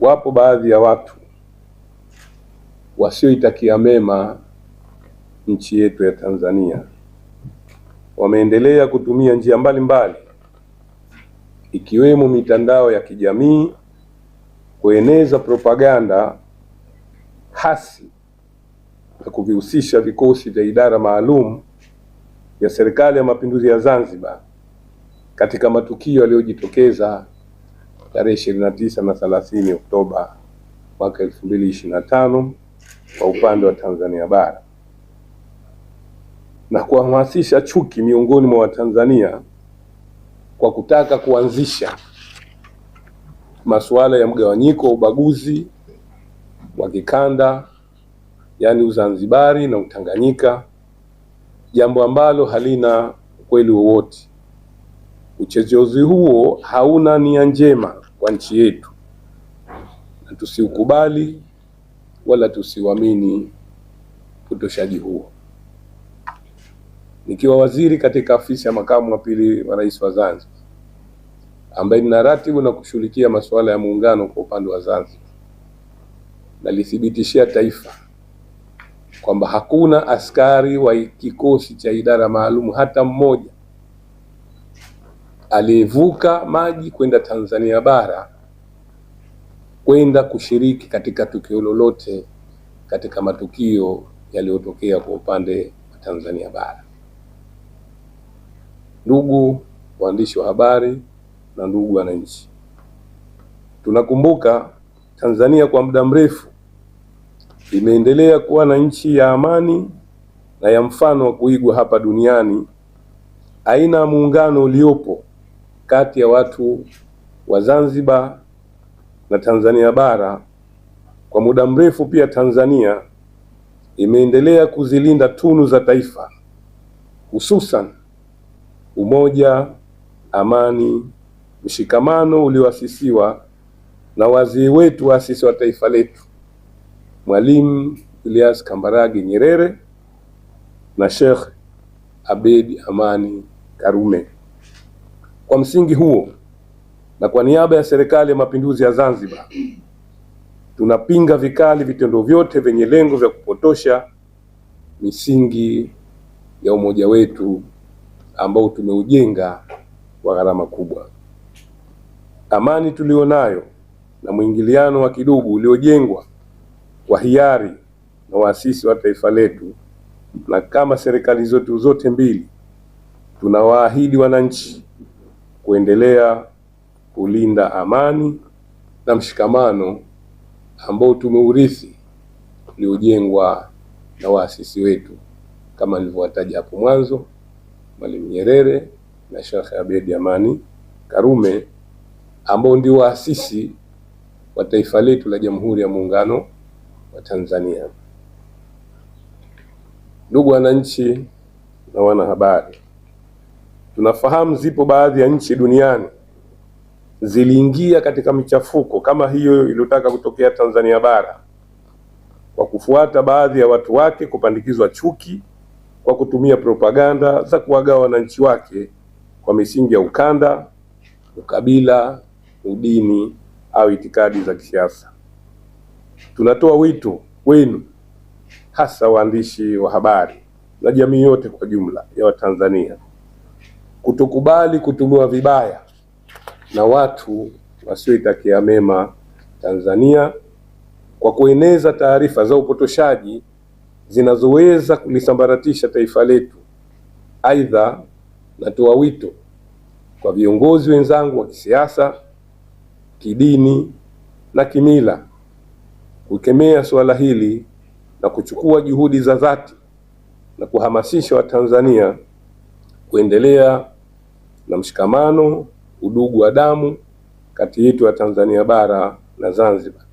wapo baadhi ya watu wasioitakia mema nchi yetu ya Tanzania, wameendelea kutumia njia mbalimbali mbali, ikiwemo mitandao ya kijamii kueneza propaganda hasi na kuvihusisha vikosi vya idara maalum ya serikali ya mapinduzi ya Zanzibar katika matukio yaliyojitokeza tarehe ishirini na tisa na thelathini Oktoba mwaka elfu mbili ishirini na tano kwa upande wa Tanzania bara na kuhamasisha chuki miongoni mwa Watanzania kwa kutaka kuanzisha masuala ya mgawanyiko wa ubaguzi wa kikanda, yaani Uzanzibari na Utanganyika, jambo ambalo halina ukweli wowote. Uchochezi huo hauna nia njema wa nchi yetu, na tusiukubali wala tusiuamini upotoshaji huo. Nikiwa waziri katika afisi ya makamu wa pili wa rais wa Zanzibar ambaye nina ratibu na kushughulikia masuala ya muungano kwa upande wa Zanzibar, nalithibitishia taifa kwamba hakuna askari wa kikosi cha idara maalum hata mmoja aliyevuka maji kwenda Tanzania bara kwenda kushiriki katika tukio lolote katika matukio yaliyotokea kwa upande wa Tanzania bara. Ndugu waandishi wa habari na ndugu wananchi, tunakumbuka Tanzania kwa muda mrefu imeendelea kuwa na nchi ya amani na ya mfano wa kuigwa hapa duniani. Aina ya muungano uliopo kati ya watu wa Zanzibar na Tanzania bara. Kwa muda mrefu pia Tanzania imeendelea kuzilinda tunu za taifa, hususan umoja, amani, mshikamano ulioasisiwa na wazee wetu waasisi wa taifa letu Mwalimu Julius Kambarage Nyerere na Sheikh Abedi Amani Karume. Kwa msingi huo na kwa niaba ya Serikali ya Mapinduzi ya Zanzibar tunapinga vikali vitendo vyote vyenye lengo vya kupotosha misingi ya umoja wetu ambao tumeujenga kwa gharama kubwa. Amani tulionayo na mwingiliano wa kidugu uliojengwa kwa hiari na waasisi wa taifa letu, na kama serikali zetu zote mbili tunawaahidi wananchi kuendelea kulinda amani na mshikamano ambao tumeurithi uliojengwa na waasisi wetu kama nilivyowataja hapo mwanzo, Mwalimu Nyerere na Sheikh Abeid Amani Karume ambao ndio waasisi wa taifa letu la Jamhuri ya Muungano wa Tanzania. Ndugu wananchi na wanahabari Tunafahamu zipo baadhi ya nchi duniani ziliingia katika michafuko kama hiyo iliyotaka kutokea Tanzania bara kwa kufuata baadhi ya watu wake kupandikizwa chuki kwa kutumia propaganda za kuwagawa wananchi wake kwa misingi ya ukanda, ukabila, udini au itikadi za kisiasa. Tunatoa wito wenu hasa waandishi wa habari na jamii yote kwa jumla ya Watanzania kutokubali kutumiwa vibaya na watu wasioitakia mema Tanzania kwa kueneza taarifa za upotoshaji zinazoweza kulisambaratisha taifa letu. Aidha, natoa wito kwa viongozi wenzangu wa kisiasa, kidini na kimila kukemea suala hili na kuchukua juhudi za dhati na kuhamasisha Watanzania kuendelea na mshikamano, udugu wa damu kati yetu ya Tanzania bara na Zanzibar.